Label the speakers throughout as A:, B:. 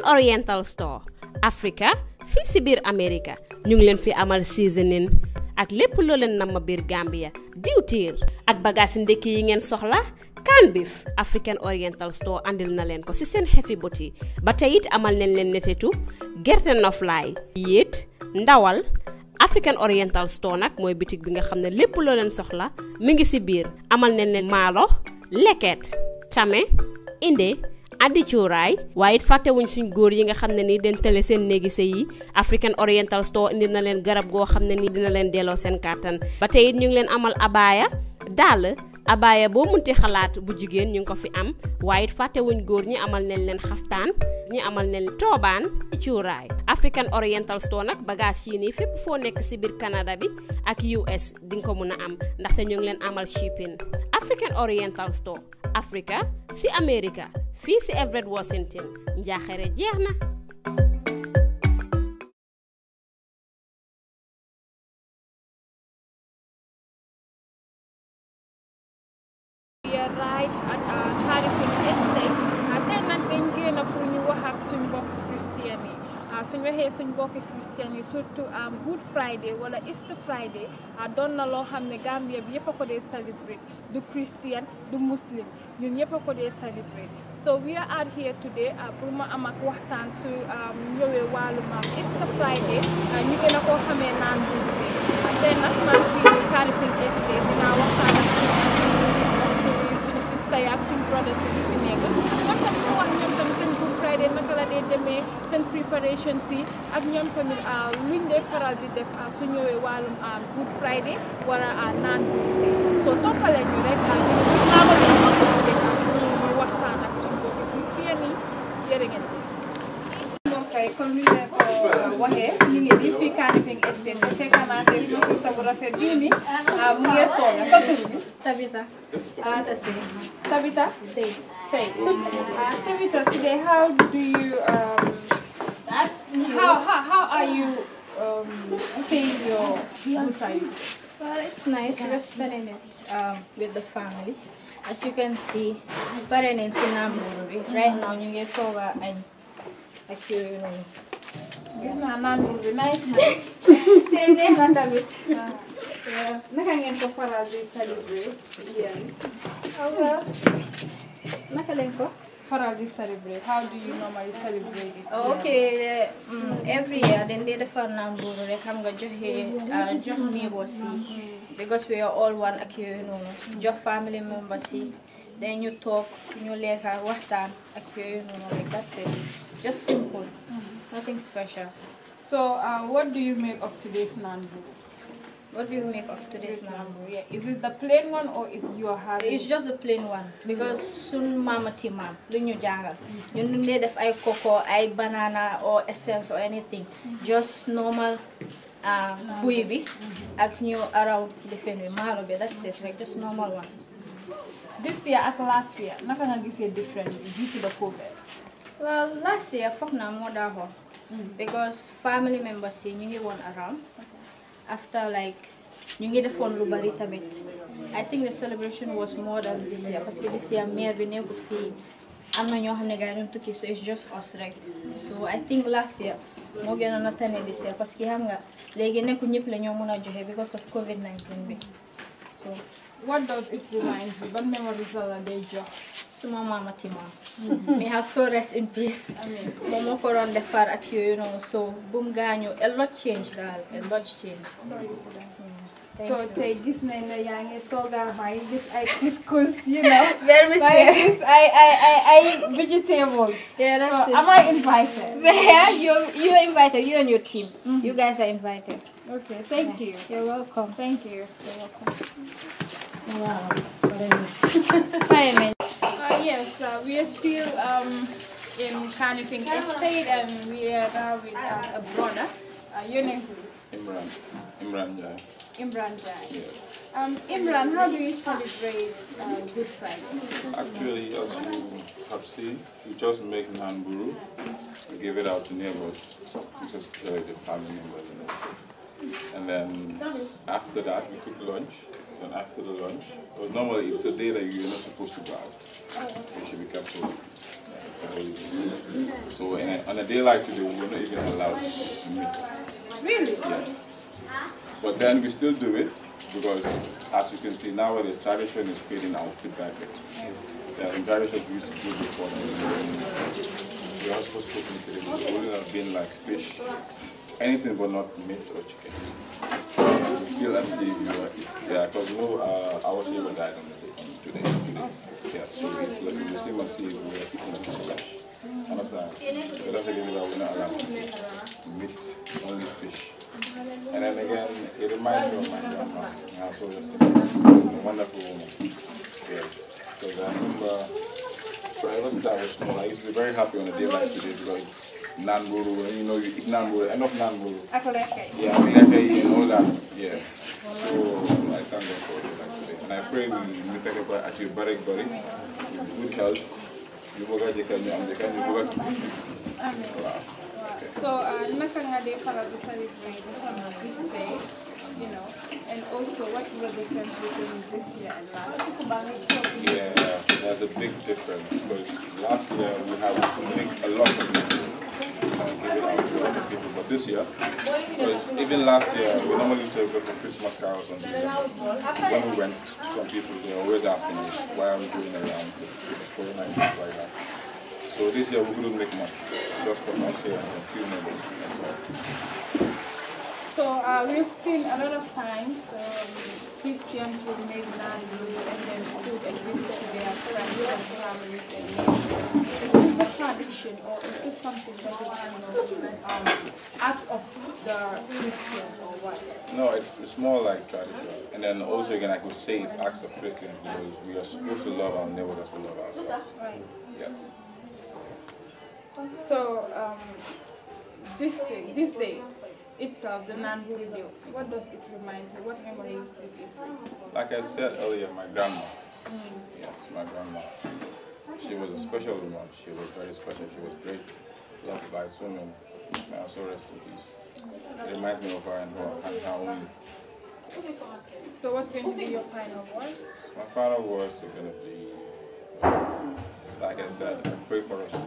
A: Golden Oriental Africa fii si biir America ñu ngi leen fi amal seasoning ak lépp loo leen nama biir Gambia diwtiir ak bagage si ndekki yi ngeen soxla Canned Beef African Oriental Store andil na leen ko si seen xefi bot yi ba tey it amal nañ leen netetu gerte noflaay yéet ndawal African Oriental Store nag mooy bitig bi nga xam ne lépp loo leen soxla mu ngi si biir amal nañ leen maalo leket tame inde Adi cuuraay waye faté wuñ suñ goor yi nga xamné ni den télé sen sey african oriental store indi na len garab go xamné ni dina len délo sen kàttan ba tay ñu ngi len amal abaya, dal abaya bo munti xalaat bu jigen ñu ko fi am waye faté wuñ goor ñi amal nañ len xaftaan ñi amal nañ toban cuuraay african oriental store nak bagage yi ni fep fo nek ci bir canada bi ak us di ko mëna am am té ñu ngi len amal shipping african oriental store africa si Amerika. fii si Everett Washington njaaxare jeex na
B: suñ waxee suñ mbokki christian yi surtout am um, good friday wala easter friday ah, doon na loo xam ne Gambia bi yëpp a ko dee celebrate du christian du muslim ñun yëpp a ko dee celebrate so we are out here today ah, pour ma am ak waxtaan su um, ñëwee wàllu maam um, easter friday ah, ñu gën koo xamee naan bi tey nag maa ngi fi Kanifing Estate guidé naka la dee demee seen préparation si ak ñoom tamit ah, luñ dee faral di def ah, su ñëwee wàllum ah, good friday wala soo toppalee ñu rek waxtaan ak suñu mbokki christian yi jërë ngeen waxee ñu ngi nii fii Kanifing Estate te fekk naa tey suñu sista bu rafet bii nii ah, mu ngi tooga sa tur bi. Tabita. Ah, Tabita Sey. Tabita Sey. Sey. Ah, Tabita today how do you um, how how how are you
C: um, seeing your good life?
D: Well, it's nice just spending it um, with the family. As you can see, But in Nambu, right
B: now, you get toga and like you know gis naa nandul bi nice na te neex na tamit naka ngeen ko faral di celebrate yéen naka leen ko faral di celebrate how do you normally celebrate it oh, okay
D: mm, every year dañ dee defar nandur rek xam nga joxe jox neighbors yi because we are all one ak yooyu noonu jox family members yi dañ ñu toog ñu lekka waxtaan ak yooyu noonu Like that's it just simple mm-hmm. Nothing special. So, uh, what do you make of today's nambu? What do you make of today's nambu? Yeah. Is it the plain one or is your? having? It's just a plain one because sun mama timam luñu jangal.
E: You mm-hmm. don't
D: need ay cocoa, I banana or essence or anything. Mm-hmm. Just normal uh, buy bi mm-hmm. ak around araw defen that's it like just normal one this year at last year naka nga gisee different due to the covid well last year fuck na moo because family members yi ñu ngi woon around after like ñu ngi defoon lu bari tamit I think the celebration was more than this year Because this year maire bi nekkul i am na ñoo xam ne so it's just us rek so I think last year moo gënoon a tane this year Because we have, nga léegi nekkul ñëpp la ñoo because of covid 19 so what does it remind you? What memories are they job? suma mama Timon. may her soul rest in peace. moom moo the far defar you yooyu noonu so boom, mu a lot changed, daal a lot change.
B: Mm, so tey gis nañ ne yaa ngi tooga maa ngi gis ay couscous you know.
D: very soon I, I, I, ay vegetables. yeah that's it am I invited. yeah you you are invited you and your team. Mm-hmm. you guys are invited.
B: okay thank you. you're welcome. thank you. you're welcome. Wow, Finally. uh, yes, uh, we are still um, in Carnifing Estate and we are now with um, a brother. Uh, your name
F: is Imran. Imran Jai.
B: Imran Jai. Yes. Um, Imran, how do you celebrate uh, Good Friday?
F: Actually, as you have seen, we just make Nanburu. We give it out to neighbors. We just share family members and then after that, we cook lunch. And after the lunch, well, normally it's a day that you're not supposed to go out. You should be careful. So a, on a day like today, we are not even allowed
E: to Really?
F: Yes. But then we still do it because, as you can see nowadays, tradition is fading out the bracket. Yeah, in tradition we used to do before. We are supposed to cook in the would have been like fish anything but not meat or chicken. You feel as if you are, yeah, because no, uh, our Savior died on the day, on today, today. Yeah, so it's like you see what Savior, we are eating his flesh. Understand? So that's the reason why we're not allowed meat, only fish. And then again, it reminds me of my grandma. I so just a wonderful woman. Yeah. Because I remember, when I was small, I used to be very happy on a day like today because non-rural, you know, non-rural, enough non-rural. Akoleke. Yeah, Akoleke and all that, yeah. So I thank God for this actually. And I pray we Mipekekwa actually Barek Barek, with good health, you boga jekanyo, and jekanyo boga Amen.
B: Wow. So, uh, Nakangade Falabi celebrate this day, you know, and also what is the difference between this
F: year and last year? Yeah, uh, there's a big difference because last year we had a lot of this year. Because even last year, we normally used to go for Christmas carols on When we went, some people, they always asking us, why are we doing around for the night like that? So this year we couldn't make much, just for us here and a few members.
B: So uh, we've seen a lot of times um, Christians would make land and then food and give to
G: their friends and families tradition or is this something that is um, acts of the
E: Christians or
F: what? No, it's, it's more like tradition. Uh, and then also again, I could say it's acts of Christians because we are supposed to love our neighbors as we love ourselves. Right.
E: Yes.
B: So um, this day, this day itself, the man who revealed, what does it remind you? What memories do you? Like I said
F: earlier, my grandma. Mm. Yes, my grandma. She was a special woman. She was very special. She was great, loved by so many. May I also rest in peace. It reminds me of her and her, and her own.
B: So what's going to be your final words? My final words are going to be, like I said, pray for us to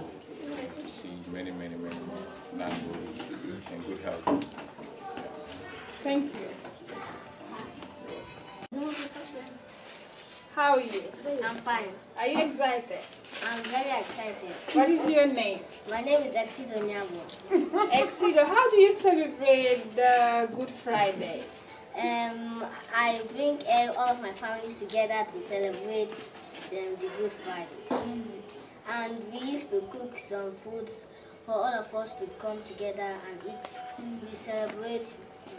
B: see many, many, many more and good health. Thank you.
H: How are you? I'm fine. Are you excited? I'm very excited. What is your name? My name is Exido Nyabo. Exido, how do you celebrate the Good Friday? Um, I bring uh, all of my families together to celebrate um, the Good Friday. Mm -hmm. And we used to cook some foods for all of us to come together and eat. Mm -hmm. We celebrate,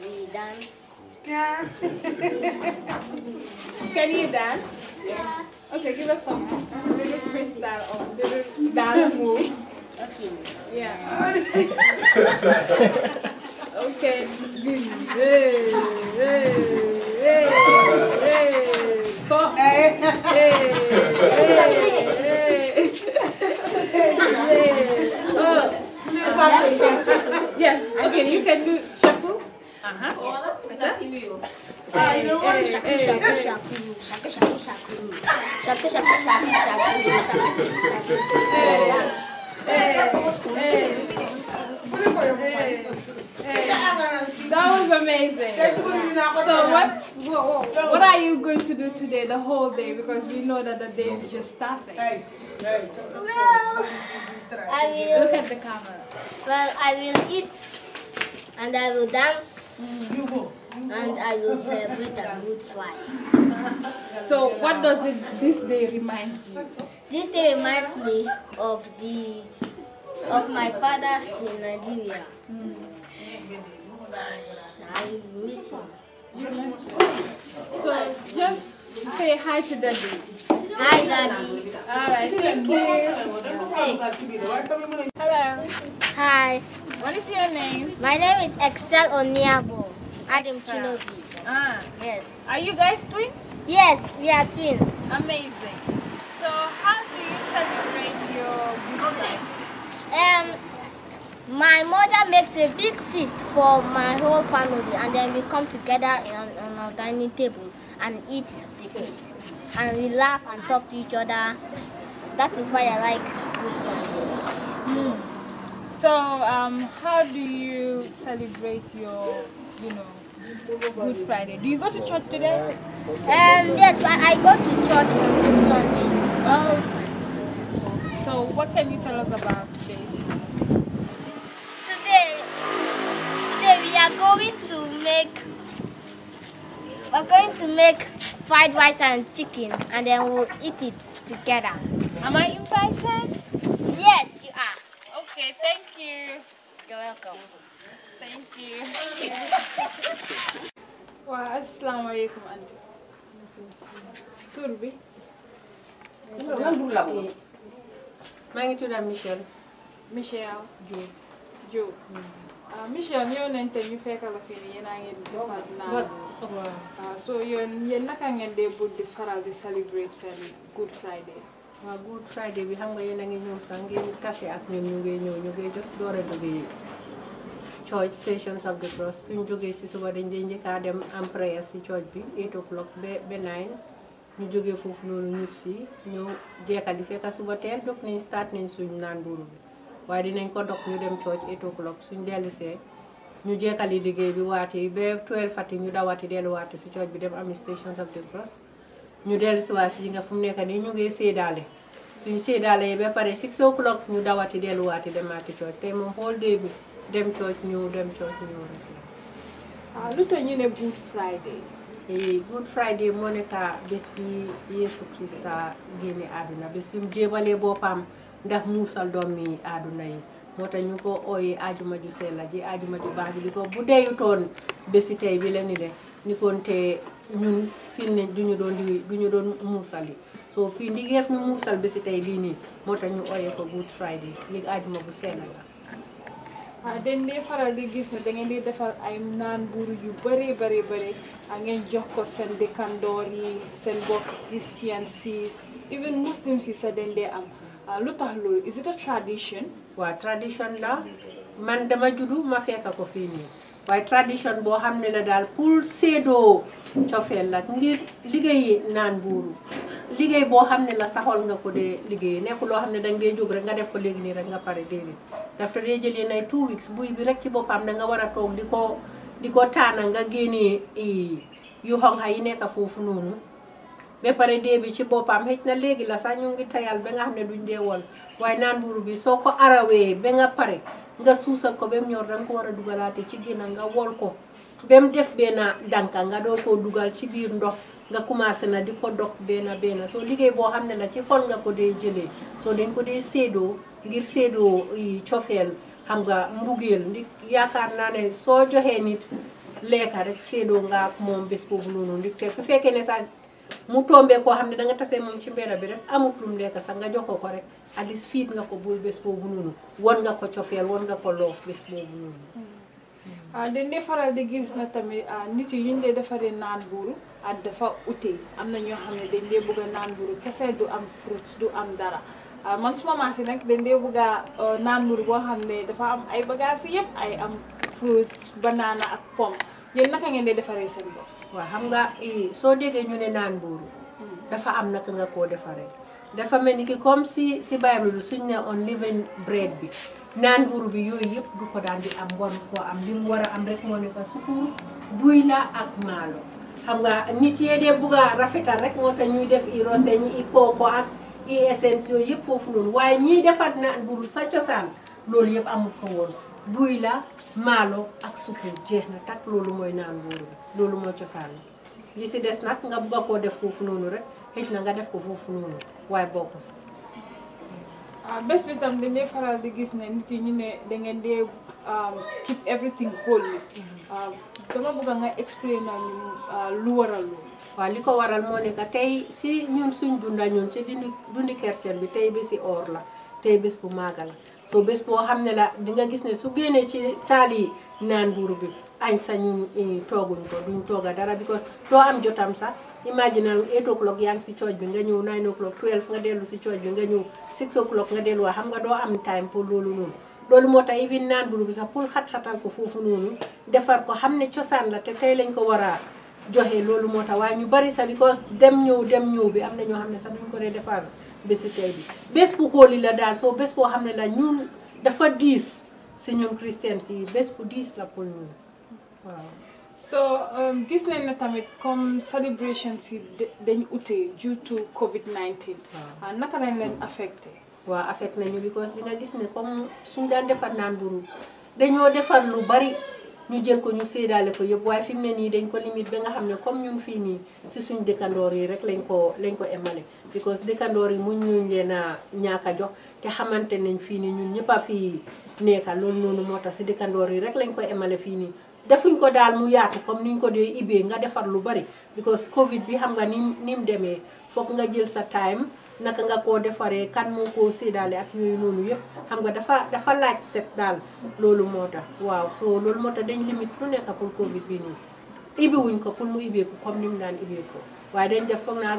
H: we dance, yeah. Can you dance? Yes. Okay, give us some little fish dance or little dance
A: moves.
B: Okay. Yeah. okay.
A: Hey, hey, hey, hey.
C: Stop.
E: Hey, hey, hey. hey. Oh. Yes. Okay, you can do.
B: That
D: was amazing. So what,
B: what, what are you going to do today,
H: the whole day? Because we know that the day is just starting. Well, I
E: will. Look at the
H: camera. Well, I will eat and I will dance
E: mm.
H: and I will celebrate a good fight. So what does this day remind you? This day reminds me of the of my father in Nigeria. Mm. I miss him. So just Say
B: hi to Daddy.
H: Hi, Daddy. All right, thank you. Hey. Hello. Hi. What is your name? My name is Excel Oniabo. Adam Chinobi. Ah. Yes. Are you guys twins? Yes, we are twins. Amazing.
B: So, how do you celebrate your birthday?
H: Um, my mother makes a big feast for my whole family, and then we come together on, on our dining table and eat and we laugh and talk to each other. That is why I like good Sunday. So, um, how do you celebrate your,
B: you know, Good Friday? Do you go to church today? Um, yes, I,
H: I go to church on good Sundays. Um, so, what can you tell us about today? Today, today we are going to make we're going to make fried rice and chicken and then we'll eat it together. Am I invited? Yes, you are. Okay, thank you. You're welcome. Thank you.
B: Wa assalamu alaikum auntie.
G: Tur bi.
E: Lan bu la eh, eh.
G: Maa ngi tudda
B: Michelle. Michelle Diop. Diop. ah Michel ñëw nañ te ñu fekk la fii nii yéen a ah, ngeen dee bugg di faral di celebrate seen Good Friday.
G: waaw Good Friday bi xam nga yéen a ngi ñëw sax ngeen tase ak ñun ñu ngi ñëw ñu ngi just door a jógee church stations of the cross suñ jógee si suba dañ dee njëkkaa dem am prayer si church bi 8 o'clock ba ba 9 ñu jógee foofu noonu ñëpp si ñëw jeekal di fekk suba teel dog nañ start nañ suñ naan buuru bi. waaye dinañ ko dog ñu dem church eight o'clock suñ dellisee ñu jekkali liggéey bi waati ba twelve fati ñu dawati delluwaati si church bi dem ami stations of the cross ñu dellusiwaat si yi nga fu mu nekk nii ñu ngi séedaale suñ séedaale yi ba pare six o'clock ñu dawati delluwaati demaati church tey moom whole day bi dem church ñu dem church ñoo rek
E: waaw
G: ah, lu tax ñu ne Good Friday eh, Good Friday moo nekk bés bi Yeesu Krista génne àdduna bés bi mu jébalee boppam ndax muusal doomi aaduna yi moo tax ñu ko ooyee ajuma ju sell ji ajuma ju baax ji di ko bu deyutoon bési tey bi la ni de ni te ñun fii ne duñu doon di duñu doon muusal yi soo fii ndigeef ñu muusal bési tey bii nii moo tax ñu ooyee ko Good Friday li ajuma bu sell la
B: ah dañ dee faral di gis ne da di defar ay naan buur yu bëree bëri bëri a ngeen jox ko seen dëkkandoor yi seen bokk
G: christian si even muslim si sa dañ dee am Ah, lu tax loolu is it a tradition. waaw tradition la man dama juddu ma fekk ko fii nii waaye tradition boo xam ne la daal pour séedoo cofeel la ngir liggéey naan buuru liggéey boo xam ne la saxool nga ko dee liggéey nekkul loo xam ne danga dee jóg rek nga def ko léegi nii rek nga pare déedéet dafa dee jëlee nay two weeks buy bi rek ci boppam danga war a toog di ko di ko taana nga génnee yu xonxa yi nekk foofu noonu. ba pare dee bi ci boppam xëj na léegi la sax ñu ngi tayal ba nga xam ne duñ dee woon waaye naan mburu bi soo ko arawee ba nga pare nga suusal ko ba mu ñor danga ko war a dugalaate ci ginnaaw nga wol ko ba mu def benn dànka nga doo koo dugal ci biir ndox nga commencé na di ko dog benn benn soo liggéey boo xam ne la ci xol nga ko dee jëlee soo dañ ko dee séedoo ngir séedoo cofeel xam nga mbugeel ndi yaakaar naa ne soo joxee nit lekka rek séedoo nga moom bés boobu noonu ndik te fekkee ne sax mu tombee koo xam ne da nga tasee moom ci mbedd bi rek amut lu mu sax nga jox ko ko rek at fiit nga ko bul bés boobu noonu won nga ko cofeel won nga ko loof bés boobu noonu
E: hmm.
G: ah dañ
B: gis na tamit ah, nit yi ñu dee defaree naan buuru ak ah, dafa uti am na ñoo xam ne dañ dee bëgg a naan buuru kese du am fruit du am dara ah, man suma maas nag dañ dee bëgg euh, naan buuru boo xam ne dafa am ay bagages yëpp ay am fruits banana ak
G: pomme yéen naka ngeen di defaree seen bos. waaw xam nga soo déggee ñu ne naan buuru hmm. dafa am na naka nga koo defaree. dafa mel ni ki comme si si Bible suñ ne on living bread bi naan buuru bi yooyu yëpp du ko daan di am waru ko am li mu war a am rek moo ne ko sukuur buy la ak maalo. xam nga nit yee dee bugg rafetal rek moo tax ñuy def i rosé ñi i kooko ak i essence yëpp foofu noonu waaye ñiy defat naan buuru sa cosaan loolu yëpp amul ko woon. buy la maalo ak sukkur jeex na takk loolu mooy naan wóoru bi loolu mooy cosaan bi li si des nag nga bugg koo def foofu noonu rek xëj na nga def ko foofu noonu waaye bokk si ah bés bi
B: di gis ne nit ñu ne da ngeen dee um, keep everything cool yi ah,
G: dama bëgg nga explain ah, lu waral loolu waaw li ko waral moo nekk tey si ñun suñ dunda ñun ci dundi dundi kercen bi tey bési or la tey bés bu maaga la so bés boo xam ne la di nga gis ne su génnee ci taal naan buuru bi añ sa ñun eh, tooguñ ko duñ tooga dara because doo am jotam sax imaginal 8 o'clock yaa ngi si cooj bi nga ñëw 9 o'clock 12 nga dellu si cooj bi nga ñëw 6 o'clock nga delluwaa xam nga doo am time pour loolu noonu loolu moo tax even naan buuru bi sax pour xat-xatal ko foofu noonu defar ko xam ne cosaan la te tey lañ ko war a joxe loolu moo tax waaye ñu bari sax because dem ñëw dem ñëw bi am na ñoo xam ne sax duñ ko dee defar bési tey bi bés bu xooli la daal soo bés boo xam ne la ñun dafa diis si ñun christian si bés bu diis la pour ñun waaw so um, gis nañ ne tamit comme célébration si dañ ute due to covid 19 ah, naka lañ leen affecté waaw affecté nañu because di gis ne comme suñ daan defar naan buru dañoo defar lu bari ñu jël ko ñu séedale ko yëpp waaye fi mu ne nii dañ ko limite ba nga xam ne comme ñun fii nii si suñ dëkkandoor yi rek lañ ko lañ ko émale because dëkkandoor yi mu ñu leen a ñaaka jox te xamante nañ fii nii ñun ñëpp a fii nekka loolu noonu moo tax si dëkkandoor yi rek lañ ko émale fii nii defuñ ko daal mu yaatu comme niñ ko dee ibee nga defar lu bari because covid bi xam nga ni ni mu demee foog nga jël sa time naka nga koo defaree kan moo koo séddaale ak yooyu noonu yëpp xam nga dafa dafa laaj set daal loolu moo tax waaw soo loolu moo tax dañ limite lu nekk pour covid bi nii ibiwuñ ko pour mu ibeeku comme ni mu daan ibeeku waaye dañ def foog naa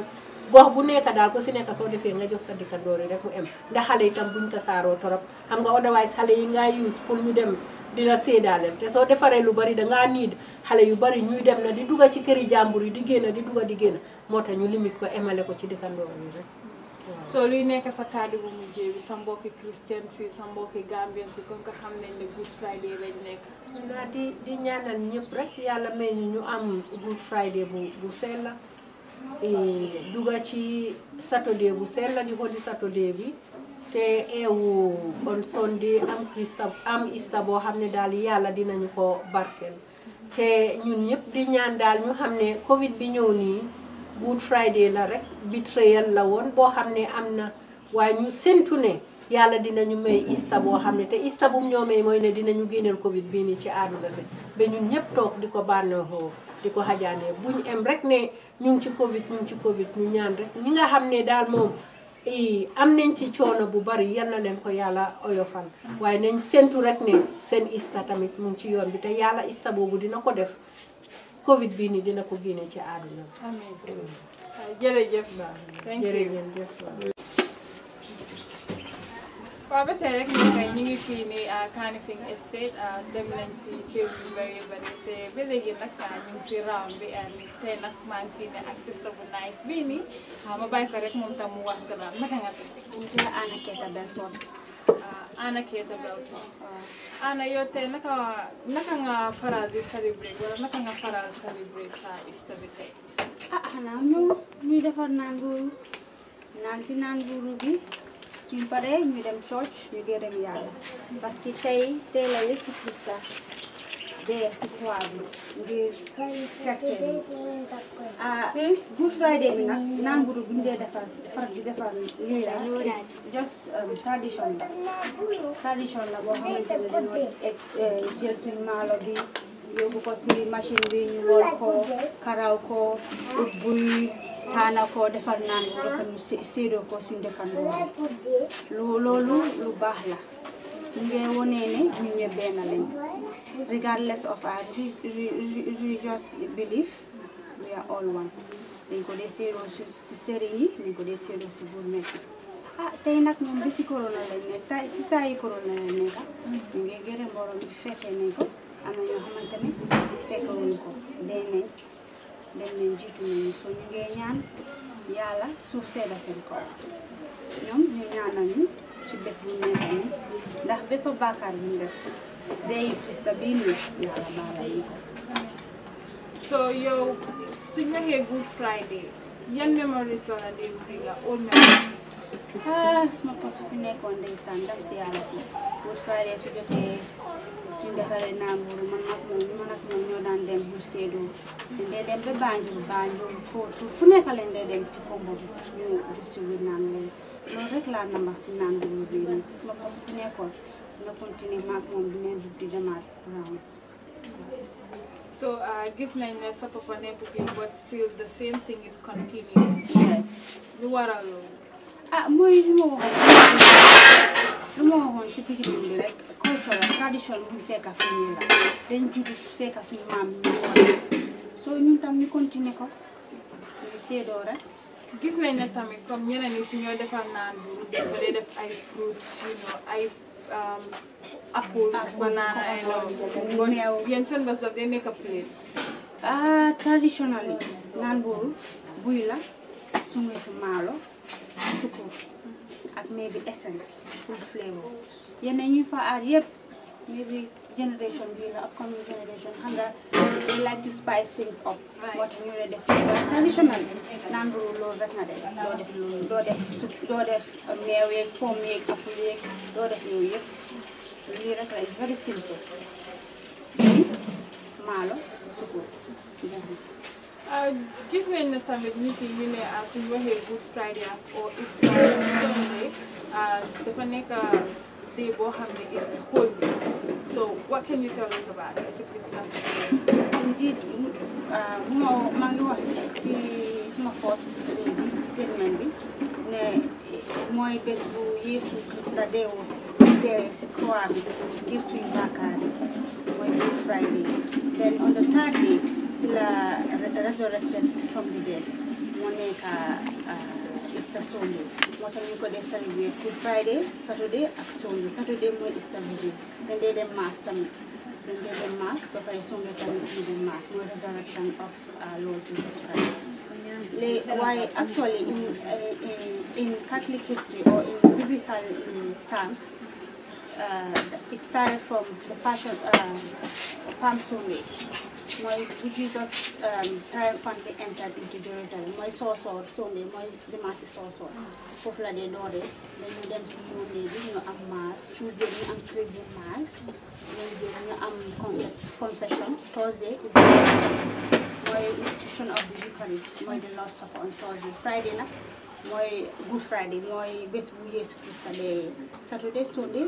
G: gox bu nekk daal ku si nekk soo defee nga jox sa dëkkandoor yi rek mu em ndax xale itam buñ tasaaroo torop xam nga otherwise xale yi ngaa use pour ñu dem dina séedaaleel te soo defaree lu bari dangaa niid xale yu bari ñuy dem na di dugga ci këri jàmbur yi di génn di dugga di génn moo tax ñu limite ko emale ko ci dëkkandoor yi rek soo
B: luy nekk sa kàddu bu mujjee bi sa mbokki christian si sa mbokki gambien si kon nga xam nañ ne good friday lañ nekk naa
G: di di ñaanal ñëpp rek yàlla may ñu ñu am good friday bu bu sell la eh, duga ci saturday bu sell la di holi saturday bi te eewu on sunday am christa am ista boo xam ne daal yàlla dinañu ko barkeel te ñun ñëpp di ñaan daal ñu xam ne covid bi ñëw nii good friday la rek betrayal la woon boo xam ne am na waaye ñu séntu ne yàlla dina ñu may ista boo xam ne te ista bu mu ñoo may mooy ne dinañu génneel covid bii nii ci àdduna si ba ñun ñëpp toog di ko bànneexoo di ko xajaanee buñ em rek ne ñu ngi ci covid ñu ci covid ñu ñaan rek ñi nga xam ne daal moom am nañ ci coono bu bari yal na leen ko yàlla oyofal waaye nañ séntu rek ne seen ista tamit mu ci yoon bi te yàlla ista boobu dina ko def Covid bii nii dina ko génne ci àdduna bi. amiin mm. jërëjëf Ba. thank you jërëjëf Ba.
B: waaw rek ñu ngi ñu ngi fii nii Estate dem nañ si kër yu bëri bëri te ba léegi nag ñu ngi si round bi tey nag maa ngi fii ne ak sister bu nice ma bàyyi ko rek moom tam mu wax gën ana keta balfa ana yote naka naka nga farazi celebrate wala naka nga farazi celebrate sa istabite
C: ana ah, nu ñu defar naan buuru naan ci naan buuru bi suñ dem church ñu gërëm yàlla parce que tey tey Um, eh, eh, dee si poids bi ngir gàcce
E: bi
C: ah good friday bi nag bu dee defar defar di defar new is just tradition la tradition la boo xamante ne dañoo jël suñ maalo bi yóbbu ko si machine bi ñu wol karaw ko ubbuy taana ko defar naan bu rafet ñu séedoo ko suñ dëkkandoo loolu lu baax la ñu ngi wone ne ñu ñëpp benn lañ regardless of our religious belief we are all one dañ ko dee séeroo si sëriñ yi dañ ko dee séeroo si buur nekk ah tey nag moom bi si corona lañ nekk tay si tayi corona lañ nekk ñu ngi gërëm borom bi fekkee nañ ko am na ñoo xamante ne fekke wuñ ko dee nañ dem nañ jiitu nañu so ñu ngi ñaan yàlla suuf sedda seen kaw ñoom ñu ñaanal ñu ci bés bu nekk nii ndax bépp bàkkaar bu ñu de day Krista bii nii yàlla baalal ñu so yow su ñu waxee Good yan memories la la dee bring old memories. ah su ma ko su fi nekkoon ndeysaan ndam si yàlla si Good Friday su jotee suñ defaree naamburu man ak moom man ak dem bu seedoo dañ dee dem ba Banjul Banjul Potu fu ci kombo bi ñu distribué naan loolu. loolu rek laa na si naan bi mu bii nii su ma ko su na continuer maag moom di neen di demaat round
B: so ah, gis nañ ne sa papa nekk bi but still the same thing is continuing yes
C: lu waral loolu ah mooy li ma waxoon lu ma waxoon si pikitin bi rek culture tradition buñ fekka suñuy la dañ judd fekka suñu maam tam ñu continuer ko ñu seedoo rek
B: gis nañ ne tamit comme ñeneen ñi su ñoo defar naan bu def dee def ay fruit you know ay um, apple banana ay loolu yéen seen bés daf dee nekk
C: plate ah traditionally naan boobu buy la sungufu maalo sukur ak maybe essence pour flavor yenn ñuy fa aar yëpp maybe generation bii la upcoming generation xam we like to spice things up but you ne def traditional namburu loolu rek is very simple maalo sukur gis nañ the tamit nit yi ñu ne suñu
B: waxee Good Friday or Easter Sunday uh, the nekk labor having its whole So what can you tell us about the significance of
C: Indeed, uh, mo mangi wax ci first statement bi ne mooy bés bu Yeesu Krista deewoo si dee si croix bi Good Friday then on the third day si resurrected from the dead Easter Sunday ko celebrate Good Friday Saturday ak Sunday Saturday Easter Sunday dem mass dem mass pare Sunday dem mass resurrection of our Lord Jesus Christ why actually in, uh, in, Catholic history or in biblical in um, terms, uh, it started from the Passion, uh, Palm Sunday. My Jesus, Jesus triumphantly entered into Jerusalem mooy soosoor Sunday My mooy dimanche soosoor foofu la dee Then dañu dem ci Monday bi ñu am mass Tuesday ñu am praising mass Wednesday ñu am confession Thursday is the mooy institution of the Eucharist mooy the Lord's Supper on Thursday Friday nag My Good Friday My best bu Yesu Krista Saturday Sunday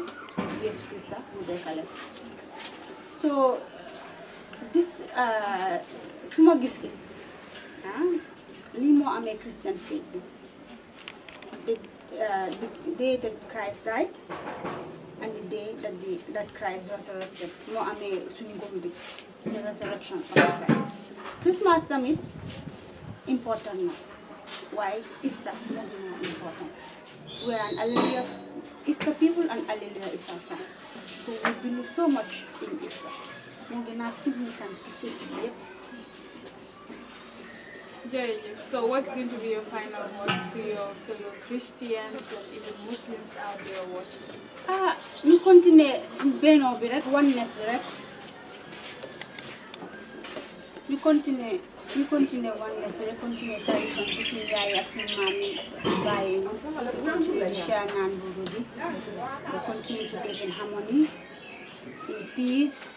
C: Yesu Krista mu dekkale so this suma gis-gis ah am a Christian faith the uh, the day that Christ died and the day that the that Christ resurrected mo amee suñu the resurrection of Christ Christmas tamit important na Why Easter moo important we are an Alleluia Easter people and Alleluia is our song so we believe so much in Easter
B: so what's going to be your final words to your fellow Christians and even Muslims out there watching.
E: ah
C: we continue bennoo bi rek oneness bi rek. ñu continuer ñu continuer oneness bi share we continue to live in harmony in peace.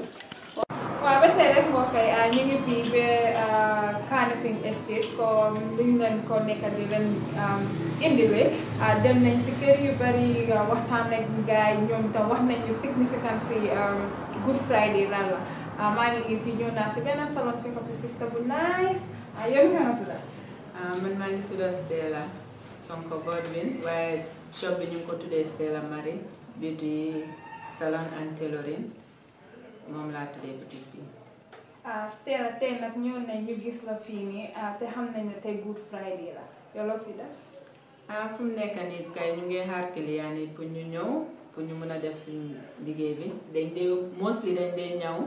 C: waaw ba tey rek moo koy ah, ñu
B: ngi fii ba ah, Kanifing Estate comme luñ leen ko nekk di leen indiwee ah, dem nañ si kër yu bari waxtaan nañ gaay ñoom tam wax nañu significance Good Friday lan la maa ngi fii ñëw naa si benn
I: salon fekk fi sister bu nice yow mi nga tudda man maa Godwin waaye shop bi ñu ko tuddee Stella Marie beauty salon and tailoring moom laa tuddee boutique bi.
B: ah Stella tey nag ñëw nañ ñu gis la fii nii ah, te xam nañ ne tey Good Friday la yow loo fi def.
I: Ah, fu mu nekk nii kay ñu ngi xaar client yi pour ñu ñëw pour ñu mën a def suñu liggéey bi dañ dee mostly dañ dee ñaw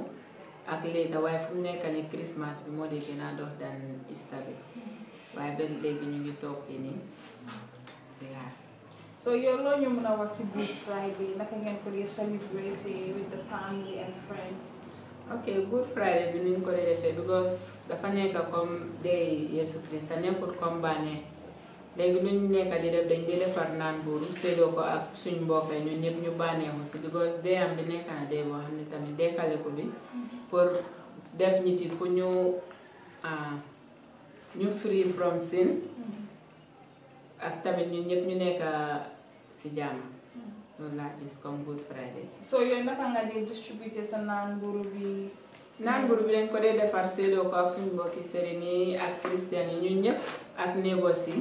I: ak léegi waaye fu mu nekk nii Christmas bi moo dee gën a dox daan Easter bi mm-hmm. waaye ba léegi ñu ngi toog fii nii di so yow loo ñu mën a wax si Good Friday naka ngeen ko dee
B: celebrate with the family and friends.
I: ok Good Friday bi nuñ ko dee defee because dafa nekk comme day Yesu Krista nekkut comme bànnee léegi luñ nekk di def dañ di defar naan buuru séddoo ko ak suñ mbokk yi ñun ñu bànneexu si because day am bi nekk na day boo xam mm-hmm. ne tamit dekkale ko bi pour def nit yi pour ñu ñu free from sin mm-hmm. ak tamit ñun ñëpp ñu nekk. si jam loolu hmm. la gis comme good friday
B: so yooyu naka nga di distribuer sa nan buru bi nan buru
I: bi dañ ko dee defar séedoo ko ak suñu mbokki sëriñ yi ak christian yi ñun ñëpp ak négoci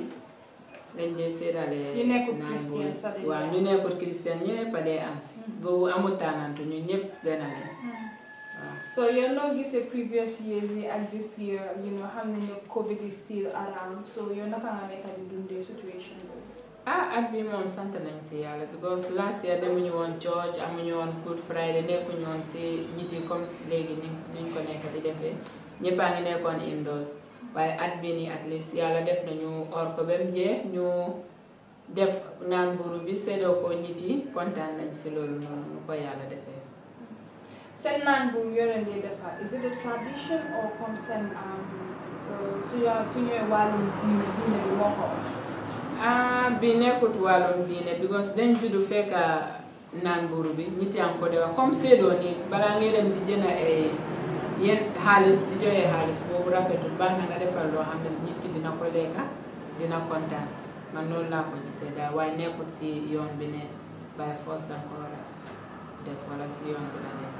I: dañ dee séedale naan mburu wa ñu nekk christian ñëpp a am hmm. bo amu tanantu ñun ñëpp benn lañ hmm.
B: So know this the previous years and this year, you know, how many COVID is still around. So you're not to make a
E: situation.
I: ah at bi moom sant nañ si yàlla because last year demuñu woon church amuñu woon good friday nekkuñu woon si nit yi léegi ni niñ ko nekk di defee ñëpp ngi nekkoon indoors waaye at bi nii at least yàlla def nañu or ko ba mu jeex ñu def naan mburu bi séddoo ko nit yi kontaan nañ si loolu noonu nu ko yàlla defee.
B: seen naan mburu yore ngeen defar is um, uh, moo ko
I: ah bi nekkut wàllum diine because dañ juddu fekk naan buuru bi ñit yaa ngi ko dewa comme seedoo nii balaa ngay dem di jënd ay yenn xaalis di joxe xaalis boobu defa baax na nga defal loo xam nit ki dina ko dina kontaan man loolu laa ko gisee nekkut si yoon bi ne by force danga ko si yoon bi la nekk.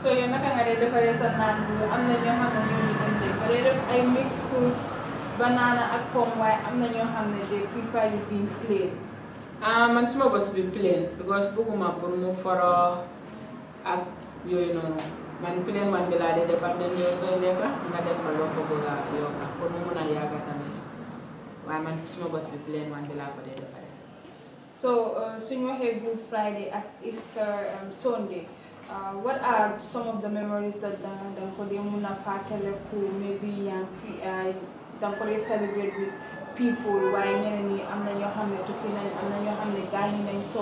I: soo yow naka nga dee defaree naan buuru am na ñoo xam
B: ne ñoo ñu seen ay mixed fruits. banana ak pomme waaye am na ñoo xam ne
I: they prefer you being plain. ah man suma bos bi plain because bëgguma pour mu foro ak yooyu noonu man plain man bi laa dee defar dem yow sooy lekka nga def fa loo fa bëgg a yokka pour mu mun a yàgga tamit waaye man suma bos bi plain man bi laa ko dee defar.
B: so uh, suñu waxee Good Friday ak Easter um, Sunday. Uh, what are some of the memories that uh, Danko Demuna Fateleku maybe young danga ko dee celebrate with people waaye ñeneen ñi am na ñoo xam ne tukki nañ am na ñoo xam ne gaañu nañ so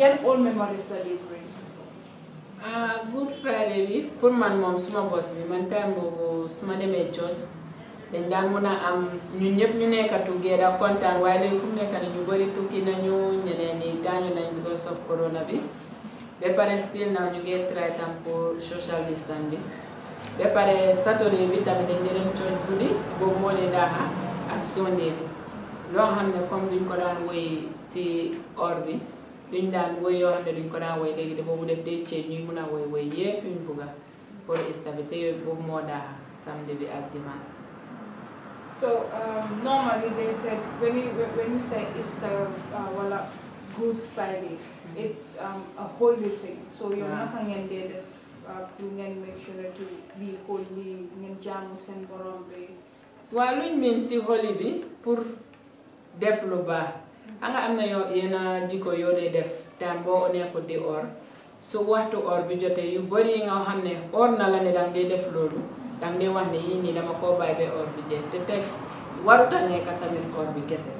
B: yan all memories la
I: ah, good friday bi pour man moom suma bos bi man time boobu suma demee church dañ daan mun a ñëpp ñu nekka together kontaan waaye léegi fu mu nekk nii ñu bëri tukki nañu ñeneen ñi gaañu nañ because of corona bi ba pare still now ñu ngi try tam pour social distance bi pare saturday ak comme duñ ko daan woy or bi duñ daan woy duñ ko daan woy de def ñuy woy woy yépp pour samedi bi ak dimanche So um, normally they said when you
B: when you say Easter, uh, well, Good Friday, mm -hmm. it's um, a holy thing. So you're yeah. not going to get Uh, du ngeen mentionatu bi holy ngeen jaamu seen borom bi
I: waaye luñ miin si holy bi pour def lu baax anga am na yenn jikko yoo dee def daan boo nekku di or su waxtu or bi jotee yu bari yi nga xam ne or na la ne dang dee def loolu dang dee wax ne yii nii dama koo bàyyi ba or bi jeex te teg waruta nekka tamit or bi kese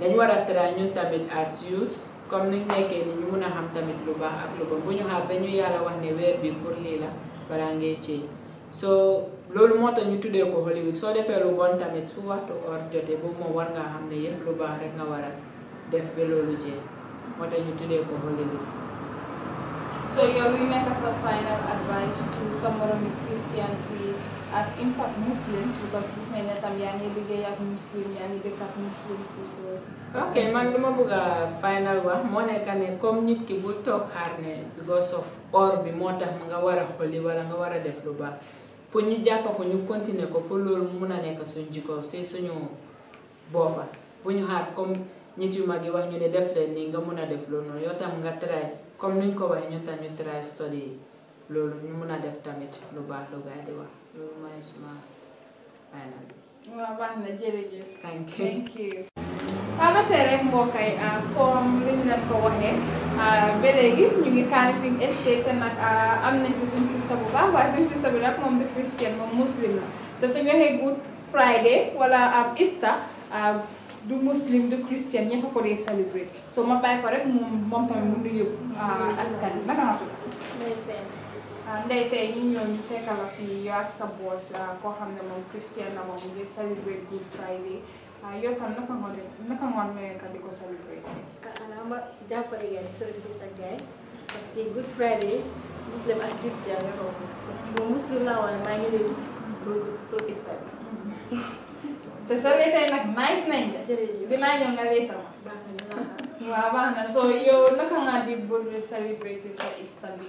I: dañ war tra ñun tamit as youth comme ni ñu nekkee ni ñu mun a xam tamit lu baax ak lu bon bu ñu xaar ba ñu yàlla wax ne weer bi pour lii la balaa ngay change soo loolu moo tax ñu tuddee ko Holy soo defee lu bon tamit su waxtu or jotee boobu moom war ngaa xam ne yëpp lu baax rek nga war def ba loolu jee moo tax ñu tuddee ko Holy Week.
B: so yow sa final advice to sa moromi Christians yi ak impact muslims because gis nañ ne tam yaa ngi liggéey ak muslim yaa ngi dëkk ak muslims
E: ok man
I: lu ma bëgg a final wax moo nekk ne comme nit ki bu toog xaar ne because of or bi moo tax nga war a xoli wala nga war a def lu baax pour ñu jàpp ko ñu continuer ko pour loolu mun a nekk suñ jikko si suñu boppa bu ñu xaar comme nit yu mag yi wax ñu ne def leen nii nga mun a def loolu noonu yow tam nga try comme nuñ ko waxee ñu tamit ñu try study loolu ñu mun a def tamit lu baax lu gaay loolu waaw baax na jërëjëf thank thank you
B: waaw ba tey rek mbokk yi ah, comme liñ ko waxee ah, ba ñu ngi Kanifing Estate nag ah, am nañ fi suñu sista bu baax waaye suñu sista bi nag moom du christian moom muslim la te suñu waxee good friday wala am easter du muslim du christian ñëpp ko dee celebrate so ma bàyyi ko rek moom moom tamit mu nuyu askan bi naka nga tudd Ah, ndey tey ñu ñëw ñu fekkal la fi yow ak sa boss ah, koo xam ne moom Christian la moom celebrate Good Friday ah, yow tam naka nga naka nga mën ka di ko celebrate. ah ana ma jàppale ngeen celebrate ak gaay parce que Good Friday muslim ak Christian la ko nice nañ la. jërëjëf dinaa ñëw nga leetal ma. baax na waaw baax na soo nga di bëgg celebrate sa Easter bi.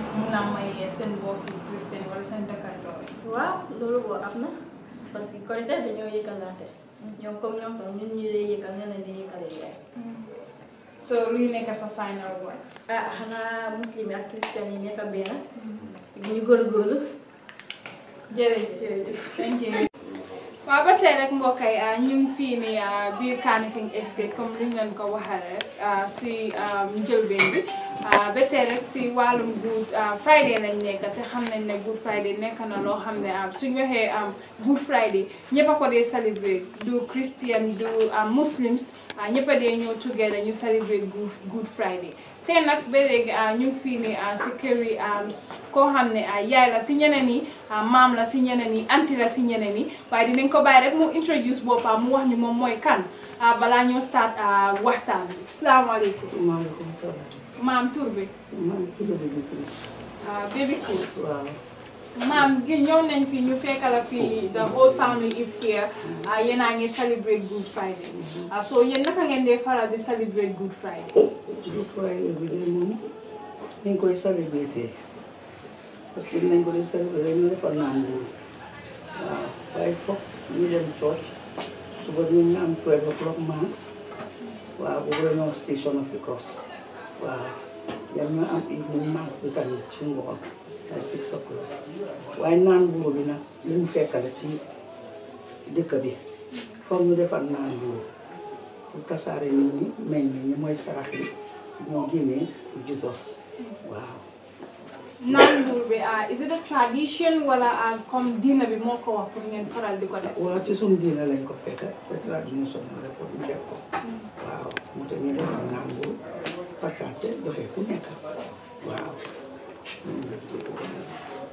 B: mun naa may seen mbokki christian wala seen dëkkandoo yi. waaw
D: loolu boo am na
B: parce que korité dañoo yëkkalaate. ñoom comme ñoom tam ñun ñu lay yëkkal ñu leen di yëkkalee yaay. so luy nekk sa final word. ah xanaa muslim yi ak christian yi nekk benn. Mm-hmm. ñu góorgóorlu. jërëjëf jërëjëf. waaw ba tey rek mbokk yi ah, ñu ngi fii nii ah, biir Kanifing Estate comme li ngeen ko waxee rek ah, si njëlbeen bi ba tey rek si wàllum Good Friday lañ nekk te xam nañ ne Good Friday nekk na loo xam ne suñ waxee Good Friday ñëpp a ko dee célébrer du Christian du Muslims ñëpp a dee ñoo together ñu célébrer Good Friday. te nag ba léegi ñu ngi fii nii si kër yi koo xam ne yaay la si ñeneen yi maam la si ñeneen yi anti la si ñeneen yi waaye dinañ ko. ko bàyyi rek mu introduce boppam mu wax ni moom mooy kan ah, balaa ñoo start ah, waxtaan bi salaamaaleykum. maaleykum salaam. maam tur bi. maam tur bi Baby Cruz. ah Baby Cruz. waaw. maam gi ñëw nañ fi ñu fekkala fii the whole family is here ah, yéen a ngi celebrate Good Friday mhm. so yéen naka ngeen dee faral di celebrate Good Friday.
J: Good Friday bi de moom ni ñu koy celebrate parce que nañ ko di celebrate ñu defal naan waaw waaye foofu. ñu dem church suba dinañu am 12 o'clock mass waaw boobu la ñoo station of the cross waaw dem na am evening mass bi tamit ci ngoon waaye naan buuru bi nag li mu fekkale ci dëkk bi foog ñu defar naan buuru pour tasaare nit ñi meññ ñi mooy sarax yi moo génnee Jesus waaw
B: a is it a tradition walla uh, a comme in bi moo ko wax pour ngeen faral di ko def wala
J: ci suñu diina lañ ko fekk te tradition la ko ñu def ko waaw mu te def nandu passage joxe ku nekk waaw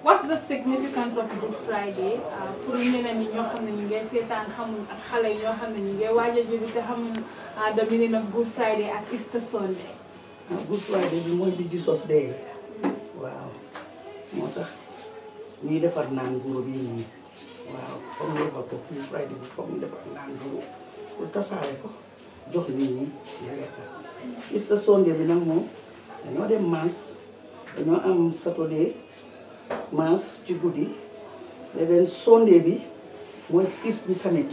B: what's the significance of Good Friday pour ñeneen ñi ñoo xam ñu ngi seetaan xamul ak xale ñoo xam ñu ngi te xamul the meaning of Good Friday ak Easter Sunday
J: uh, Good Friday bi mooy bi Jesus Day waaw moo tax ñuy defar naan nguuru bii nii waaw comme ñu defar ko pour Friday bi comme ñu defar naan nguuru pour tasaare ko jox nit ñi ñu lekk gis nga Sunday bi nag moom dañoo dem mass dañoo am Saturday mass ci guddi leneen Sunday bi mooy fiis bi tamit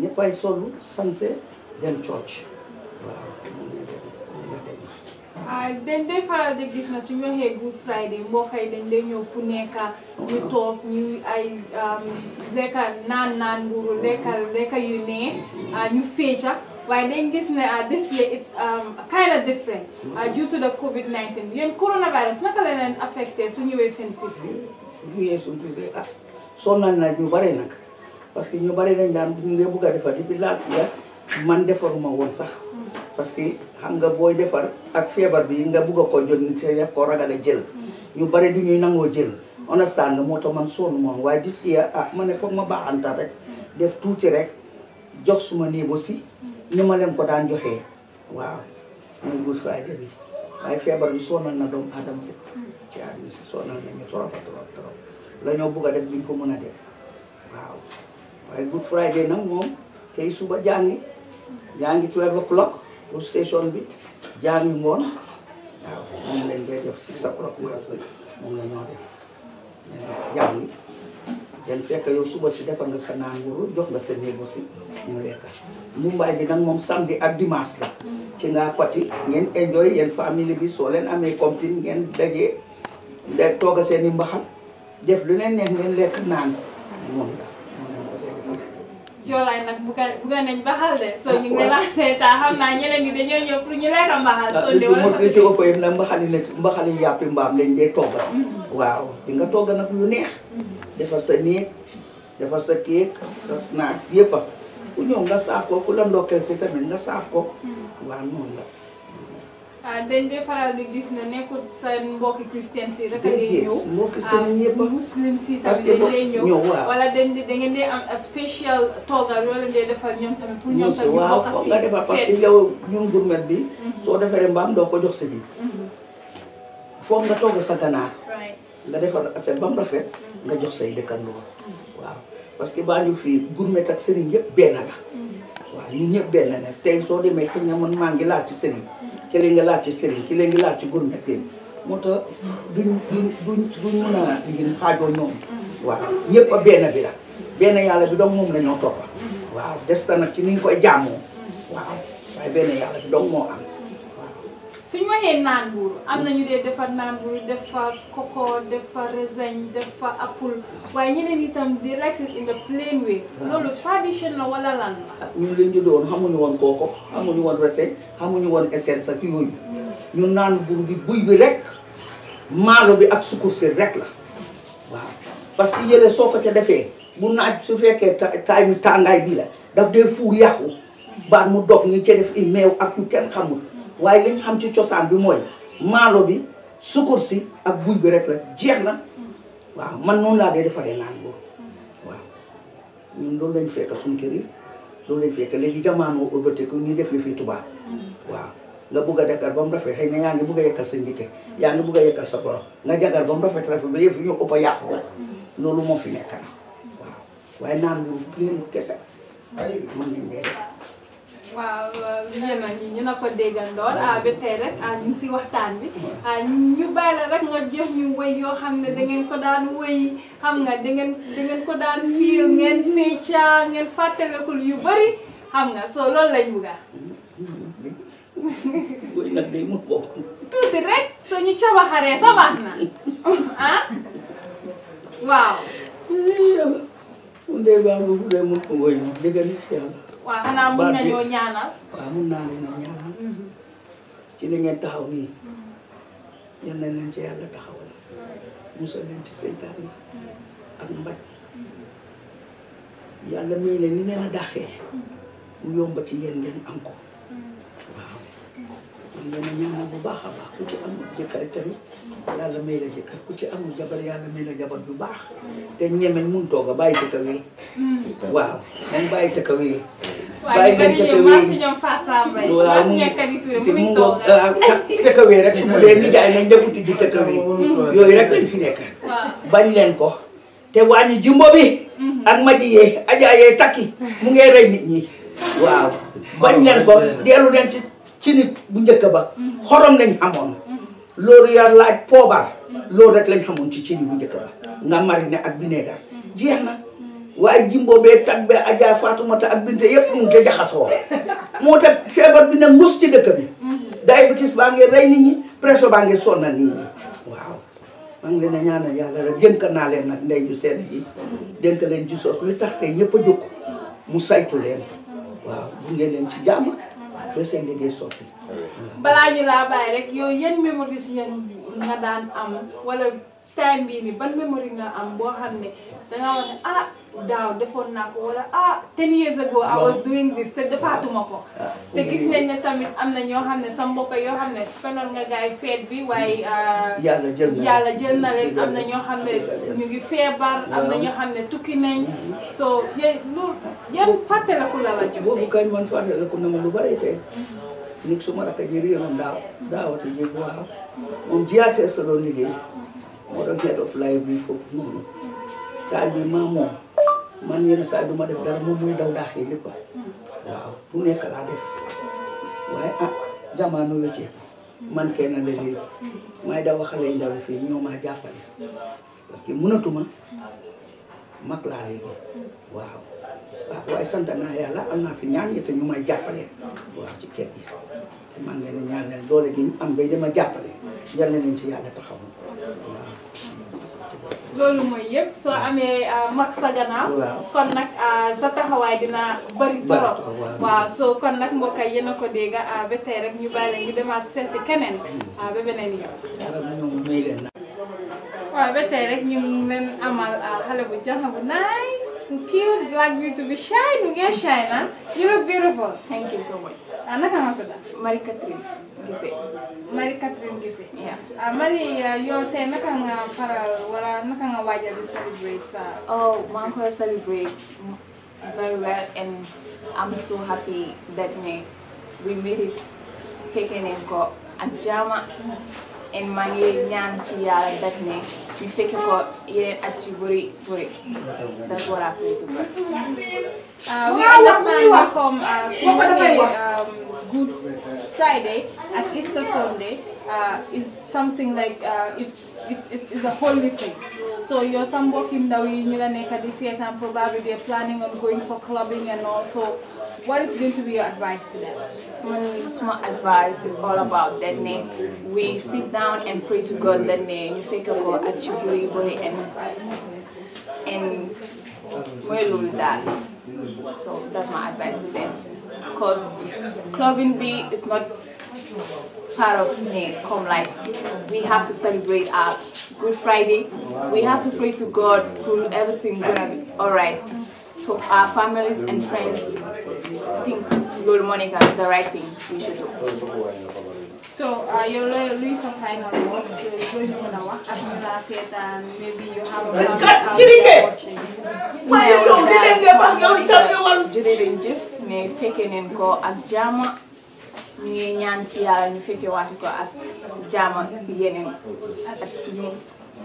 J: ñëppay solu sanse dem church waaw
B: Ah, dañ de faral di gis na suñu waxee Good Friday mbokk yi dañ lay ñëw fu nekk ñu toog ñu ay lekka naan naan mburu lekka lekka yu neex ah, ñu feeca waaye dañ gis ne ah, this year it's um, kind of different due to the covid 19 yéen coronavirus naka la leen affecte su ñëwee seen fis ñu
J: ñëwee suñu fis ah na ñu bare nag parce que ñu bare nañ daan ñu ngi bugg a defar depuis last year man defaruma woon sax parce que xam nga boy defar ak fièvre bi nga bëgg a ko jot ci def ko ragal jël ñu bari du ñuy nango jël understand nga moo tax man son mo way dis year ah mané fokk foog ma baaxanta rek def touti rek jox suma néego si ni ma leen ko daan joxé waaw ñu bu Friday bi ay fièvre bi sonal na doom adam bi ci àdduna si sonal na trop torop torop la ñoo bëgg def duñ ko mëna def waaw waaye Good Friday nak mom tey suba jangi jangi 12 o'clock pour station bi jaam yi moon waaw moom lañ koy def si sa commencé moom la ñoo def nee yi den fekk yow suba si defal nga sa naanguru jox nga sa néegu si ñu lekk mumbaay bi nag moom samedi ak dimanche la ci nga pati ngeen enjoy yeen famille bi soo leen amee comptine ngeen dajee togg seen i mbaxal def lu leen neex ngeen lekk naan moom la
B: joolaay nag bu bugga nañ baxal de so ñu ngi ah, la seetaan xam naa ñeneen ñi dañoo ñëw pour ñu lekk mbaxal ah, so de wala ci ëpp
J: yëpp nag mbaxal yi nag mbaxal yi yàppi mbaam lañ dee togga mm-hmm. waaw di nga togga nag lu neex mm-hmm. defar sa néeg defar sa kéeg sa snacks yëpp ku ñëw nga saaf ko ku la ndokkeel si tamit nga saaf ko
B: mm-hmm. waaw noonu la Ah, dañ dee faral di gis ne nekkul seen mbokki christian si rek a dee ñëw mbokki sëriñ yëpp ah, muslim si tam dañ dee ñëw wala dañ da ngeen dee am spécial toogal loolu dee defal ñoom tamit pour ñoom tamit waaw foog parce que yow
J: ñun gourmet bi mhm. soo defaree mbaam doo ko jox sa
E: mhm.
J: foog nga togg sa ganaar nga defar assiette ba mu rafet mhm. nga jox say dëkkandoo waaw parce que baa ñu fii gourmet ak sëriñ yëpp benn la waaw ñun ñëpp benn la tey soo demee fi nga man maa ngi laaj ci sëriñ ki lee nga laal ci sëriñ ki lee laal ci gurmet bi moo tax duñ duñ duñ duñ a ngin xaajoo ñoom waaw ñëpp a benn bi la benn yàlla bi doom moom lañoo ñoo toppa waaw des na ci ni ñu koy jàmmoo waaw waaye benn yàlla bi dong moo am
B: suñu waxee naan buuru am na ñu dee defar naan buuru def fa coco def fa raisin def fa apple waaye ñeneen itam di write it in the plain way. loolu tradition la wala lan la. Ah,
J: ñun liñ ñu xamuñu woon kooko xamuñu woon raisin xamuñu woon essence ak yooyu. Hmm. ñu naan buuru bi buy bi rek maalo bi ak sukur si rek la waaw parce que yële soo ko ca defee bu naaj su fekkee taay tàngaay bi la daf dee fuur yàqu baat mu dog ñu cee def i meew ak yu kenn xamul. waaye liñ xam ci cosaan bi mooy maalo bi sukkur si ak buy bi rek la jeex na waaw man noonu laa dee defaree naan boobu waaw ñun loolu lañ fekk suñ kër yi loolu lañ fekk léegi jamaanoo ëlbateku ñu def li fii tubaab waaw nga bugg a dekkal ba mu rafet xëy na yaa ngi bugg a yekkal sa njëkke yaa ngi bugg a yekkal sa borom nga jagar ba mu rafet rafet ba yëf yi ñu ëpp a yàqu la loolu moo fi nekk na waaw waaye naan lu plénu kese ay mën nañ dee
E: waa yéen euh, a
B: ñu na ko déggandoor ah ba rek ah ñu ngi si waxtaan bi ah ñu bàyyi rek nga jox ñu wéy yoo xam ne dangeen ko daan wéy xam nga dangeen dangeen ko daan fiir ngeen fecca ngeen fàttalekul yu bari xam nga soo loolu lañ bugga
J: wéy nag day mu bokk
B: tuuti rek soo ñu cabaxaree sa baax na ah waaw. Ndeye
J: Ba Mbow de mu
B: waaw xanaa mun nañoo naa leen ñaanal. Mm-hmm.
J: ci li ngeen taxaw nii. Mm-hmm. yal na leen ci yàlla taxawal. musal leen ci seytaan
E: mm-hmm.
J: ak mbañ. yàlla may leen ni leen a daaxee. mu yomb ci yéen ngeen am ko. waaw. mun ngeen ñaanal bu baax a baax ku ci am jëkkër tamit. yàlla may la jëkkër ku ci amul jabar yàlla may la jabar bu baax te ñemen mun toog a bàyyi tëkka wee hmm. waaw moom bàyyi tëkka wee
B: bàyyi benn tëkka wee waaw te mu ngo
J: tëkka wee rek su ma leen nañ defuti di tëkka wee yooyu rek lañ fi nekk bañ leen ko te wàññi jimbo bi mm-hmm. ak maji yee ajaa yee takki mu ngee rey nit ñi waaw bañ leen ko dellu leen ci ci nit bu njëkk ba mm-hmm. xorom lañ amoon loolu yaa laaj poobar loolu rek lañ xamoon ci ci bu njëkk ba nga mariner ak vinaigre jeex na waaye jimbo bee tag bee Adja Fatoumata ak Binte yëpp ñu ngi jaxasoo moo tax feebar bi ne mus ci dëkk bi diabetes baa ngi rey nit ñi pression baa ngi sonnal nit ñi waaw maa ngi leen a ñaanal yàlla rek dénk naa leen nag ndey ju sedd ji dénk leen ci sos ñu tax tey ñëpp a jóg mu saytu leen waaw bu ngeen leen ci jàmm ba seen liggéey sotti. Ah
B: balaa ñu laa bàyyi rek yow yén mémoire si yéen nga daan am wala. time bii nii ban memory nga am boo xam ne danga wax ne ah daaw defoon naa ko wala ah ten years ago I was doing this te defaatuma ko te gis nañ ne tamit am na ñoo xam ne sa mbokk yoo xam ne sa nga gaay feet bi waaye euh, yàlla jël na yàlla jël na am na ñoo xam ne ñu ngi feebar am na ñoo xam ne tukki nañ so
E: yéen loolu
B: yan fàttaliku
J: la la jox kañ man fàttaliku na ma lu bari tey nit su ma rakk ji réewoon daaw daawati ji waaw moom jiyaat sa doon liggéey moo doon head of library foofu noonu taal bi maa man yenn saa duma def dara moom muy daw daaxee li quoi waaw bu nekk laa def waaye ah jamono wéccee man kenn la léegi may daw xale yu ndaw fii ñoo ma jàppale parce mënatuma mag laa léegi waaw waaw ah, waaye sant naa yàlla am naa fi ñaan ñett ñu may jàppale waaw ci kër gi man leen a ñaanal doole gi ñu am bay dama jàppale yal na leen ci yàlla taxaw
B: loolu mooy yëpp soo amee euh, mag sagana kon nag euh, sa taxawaay dina bari trop waaw soo kon nag mbokk yi yéen a ko dégg euh, ba tey rek ñu bàyyi leen ñu demaat seeti keneen hmm. ba beneen yoon waaw ba rek ñu ngi leen amal xale bu jàng bu nice bu cute black beauty bu shine bu ngeen shine ah you look beautiful thank you so much naka nga tudda Marie Catherine Gissé Marie Catherine Gissé ah Marie yow tey naka nga faral wala naka nga waajal di celebrate sa
K: oh maa ngi koy celebrate very well and I'm so happy that ne we made it fekkee nañ ko ak jaama en maa ngi ñaan si yàlla def ne ñu fekk ko yeneen at yu bëri bëri that's what I pray to God.
B: we understand come
G: as we say
B: good Friday as Easter Sunday. uh, is something like uh, it's, it's, it's a holy thing. So your we Kimdawi Nilaneka this year and probably they're planning on going for clubbing and also what is going to be your advice to them?
E: Mm,
K: my advice is all about that name. We sit down and pray to God that name. You fake about attribute and and we're that. So that's my advice to them. Because clubbing B is not part of me come like we have to celebrate our Good Friday. We have to pray to God through everything gonna be alright.
B: To our families and friends,
K: I think Lord Monica the right thing we should
E: do.
B: So uh, you're some kind of work, you going to work at university and maybe you have a lot of watching. Why are you
K: doing that? it the fake and go and jama ñaan ci yàlla ñu fekkewaati ko ak jaama si yeneen at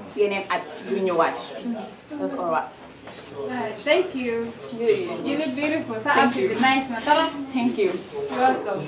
K: si yeneen at yu
B: thank you. You look beautiful. Thank you. Nice,
K: Thank you. Welcome.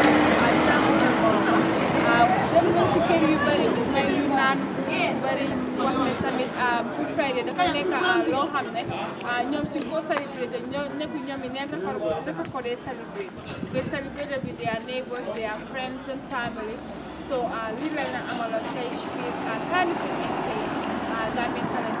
B: ñëw si kër yu bëri may ñu naan bëri wax ne tamit ah, pour Friday dafa nekk ah, loo xam ne ah, ñoom suñ ko célébré ñoo nekk ñoom it ne dafa dafa ko dee célébré celebrate with their neighbors their friends and families so lii la ñu amaloon tey ci biir Kanifing Estate Gambian Talents